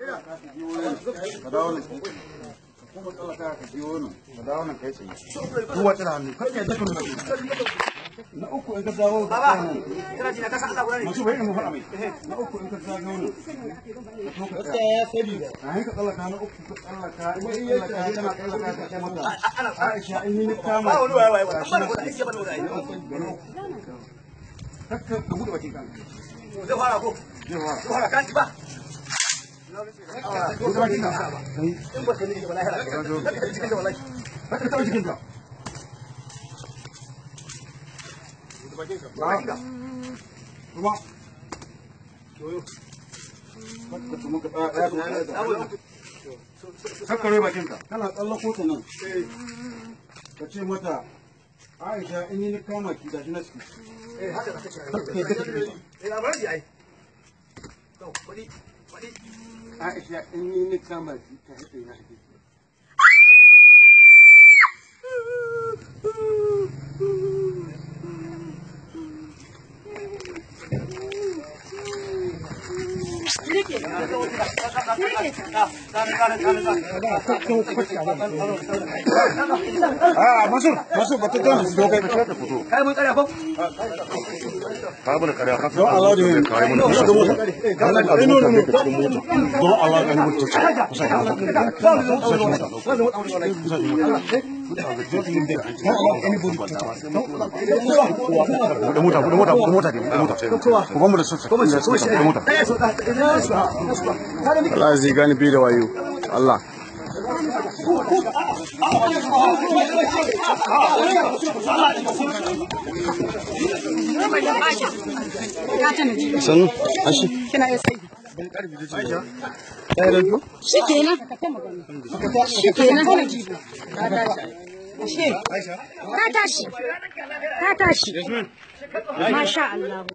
ka dawo ka ka dawo kai na uku in ka dawo ka nan kana ji Allah bai mu fara mai na uku in ka dawo nan ka ya sabi da ai ka tsala ka na uku ka tsala ka in ya ta tsala ka ta mata Aisha in ni kama ba wai wai ba ba da ka gudu bakin zai fara ko zai fara kan ba ko zama bakinka kana nan ka ce mata aisha in yi na ciki eh haka da kake eh Aisha in ni ni kama ta haɗe na haɗe. منصور منصور بطل ده بس دوكاي كاي مو كاري ابو كاي مو كاري ابو دو الله دي كاي مو كاري ابو نو نو نو دو الله كاي مو كاري ابو Allah zai gani bi da wayo Allah Sanu, ashi. Kina iya sai. Ban karbi da ta shikenan ka tashi ka tashi masha Allah